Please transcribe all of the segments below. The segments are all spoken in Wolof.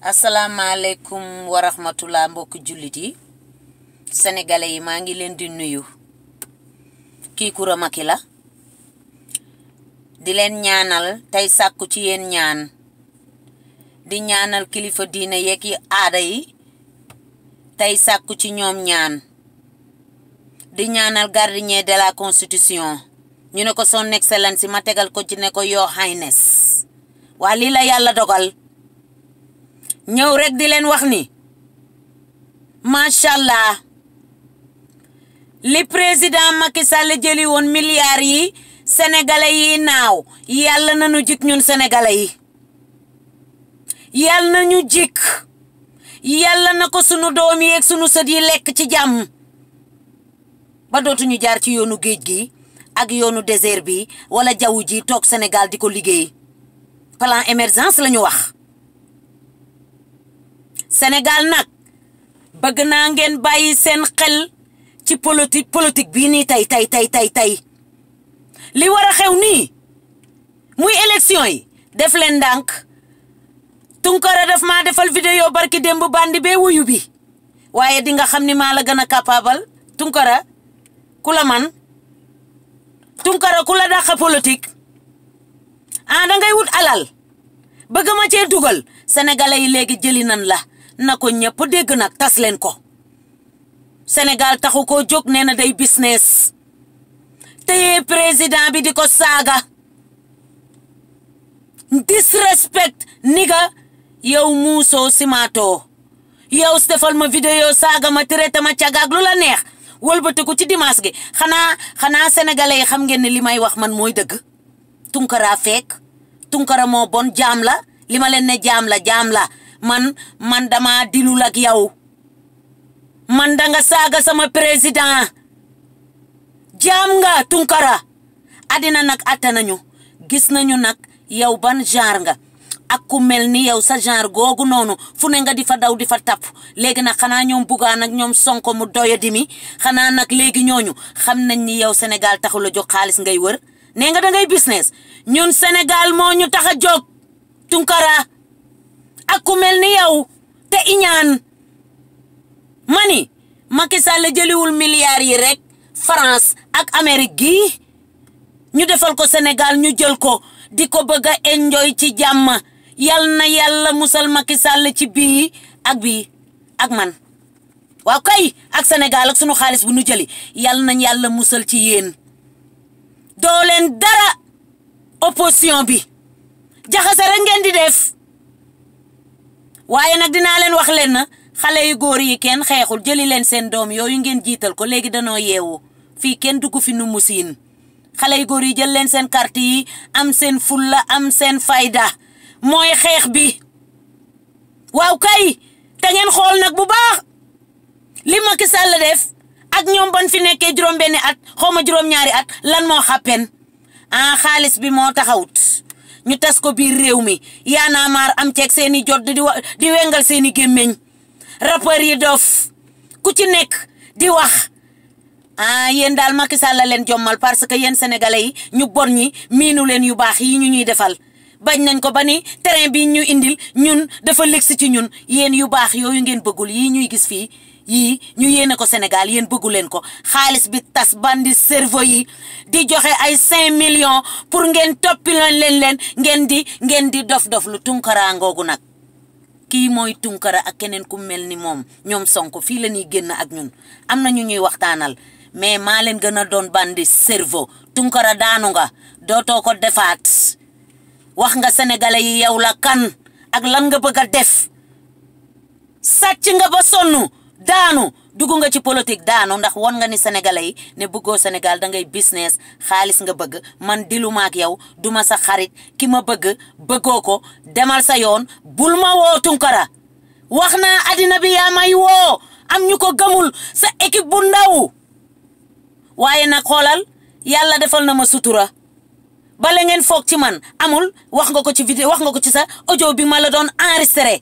asalaamaaleykum wa rahmatullah mbokk jullit yi sénégalais yi maa ngi leen di nuyu kii Coura Macky la di leen ñaanal tey sàkku ci yéen ñaan di ñaanal kilifa diine yeeg yi aada yi tey sàkku ci ñoom ñaan di ñaanal gardien de la constitution ñu ne ko son excellence ma tegal ko ci ne ko your waa lii la yàlla dogal ñëw rekk di leen wax ni macha allah li président Macky Sall jëli woon milliards yi sénégalais yi naaw yàlla na ñu jik ñun sénégalais yi yàlla na ñu jik yàlla na ko sunu doom yi sunu sët yi lekk ci jàmm ba dootuñu jaar ci yoonu géej gi ak yoonu désert bi wala jaww ji toog senegal di ko liggéey plan émergence lañu wax Sénégal nag bëgg naa ngeen bàyyi seen xel ci politique politique bii nii tey tey tey tey tey li war a xew nii muy élection yi def leen ndànk Tunkara daf maa defal vidéo barki démb bandi bee wuyu bi waaye di nga xam ni maa la gën a capable Tunkara ku la man Tunkara ku la dàqa politique ah da wut alal bëgg ma cee dugal sénégalais yi léegi jëli nan la na ko ñëpp dégg nag tas leen ko Sénégal taxu ko jóg nee na day business téye président bi di ko saaga disrespect ni nga yow muusoo simaatoo yow defal ma vidéo saaga ma traité ma cagaag lu la neex wëlbatiku ci dimanche gi xanaa xanaa sénégalais yi xam ngeen ne li may wax man mooy dëgg tunkara feek tunkara moo bon jaam la li ma leen ne jaam la jaam la man man dama dilul ak yow man danga saaga sama président jaam nga tunkara àddina nag atta nañu gis nañu nag yow ban genre nga ak ku mel ni yow sa genre googu noonu fu ne nga di fa daw di fa tapp léegi nag xanaa ñoom bugaan ak ñoom sonko mu doyadi mi xanaa nag léegi ñooñu xam nañ ni yow senegal taxula a xaalis ngay wër ne nga da ngay ñun Sénégal moo ñu tax a jóg tunkara Aku melni yow te iñaan mani Macky Sall jëliwul milliards yi rek France ak Amérique nyude ñu defal ko Sénégal ñu jël ko di bëgg enjoy ci jamm yal na yàlla musal Macky Sall ci bi ak bi ak man wa kay ak Sénégal ak suñu xaaliss bu ñu jëli yal nañ musal ci yeen do len dara opposition bi jaxase rek ngeen di def waaye nag dinaa leen wax leen na xale yu góor yi kenn xeexul jëli leen seen doom yooyu ngeen jiital ko léegi danoo yeewu fii kenn dugg fi nu mu siin xale yu góor yi jël leen seen carte yi am seen fulla am seen fayda mooy xeex bi waaw kay te ngeen xool nag bu baax li Macky Sall def ak ñoom ban fi nekkee juróom-benni at xaw ma juróom-ñaari at lan moo xàppen ah xaalis bi moo taxawut ñu tas ko biir réew mi yaanaa maar am ceeg seen i jot di wa di wengal seen i gémmiñ rappeurs yi dof ku ci nekk di wax ah yéen daal Macky Sall leen jommal parce que yéen sénégalais yi ñu bon ñi miinu leen yu baax yi ñu ñuy defal bañ nañ ko ba ni terrain bi ñu indil ñun dafa lëgsi ci ñun yéen yu baax yooyu ngeen bëggul yi ñuy gis fii yii ñu yéene ko Sénégal yéen bëggu leen ko xaalis bi tas bandi cerveau yi di joxe ay cinq million pour ngeen toppiloon leen leen ngeen di ngeen di dof-dof lu Tunkara ngoogu nag kii mooy Tunkara ak keneen ku ni moom ñoom Sonko fii la ñuy génn ak ñun am na ñu ñuy waxtaanal mais maa leen gën a doon bandi cerveau Tunkara daanu nga dootoo ko defaat wax nga sénégalais yi yow la kan ak lan nga bëgg a def sàcc daanu dugg nga ci politique daanu ndax won nga ni sénégalais yi ne bëggoo Sénégal da ngay business xaalis nga bëgg man diluma ak yow duma sa xarit ki ma bëgg bëggoo ko demal sa yoon bul ma woo Tunkara wax na àddina bi yaa may woo am ñu ko gëmul sa équipe bu ndaw waaye nag xoolal yàlla defal na ma sutura bale ngeen foog ci man amul wax nga ko ci vidéo wax nga ko ci sa audio bi ma la doon enregistré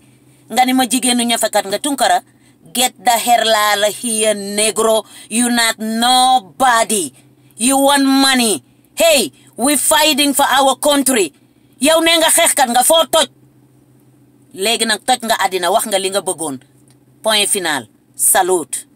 nga ni ma jigéenu ñafekat nga Tunkara Get the hell out of here, negro. You not nobody. You want money. Hey, we fighting for our country. Yow nenga nga nga foo toj. léegi nag nga adina wax nga linga nga point final. salute.